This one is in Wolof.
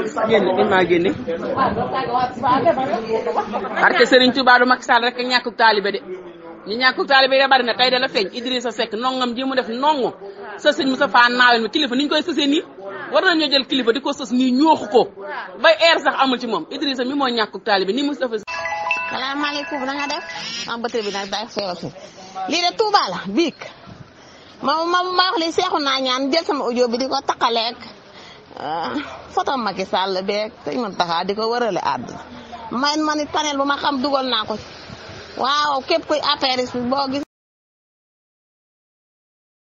génn a maa génne. parce que Serigne Touba du Macky Sall rek ak ñàkkug taalibe de ñu ñàkkug taalibe de bari na tey de la feeñ Idrissa Seck nongam ji mu def nongu sa sëñ Moussa Fane naawel mi kilifa ni ñu koy sësee nii war nañoo jël kilifa di ko sës nii ñooxu ko bay air sax amul ci moom Idrissa mi mooy ñàkkug taalibe nii Moustapha. salaamaaleykum na nga def ma bi nag bàyyi xew lii de Touba la ma ma wax li seexu ñaan jël sama audio di ko taqaleeg. ah foto Macky Sall beeg sëñ Mountakha di ko wërale àdduna man ma ni panel bu ma xam dugal naa ko waaw képp kuy appareil boo gis.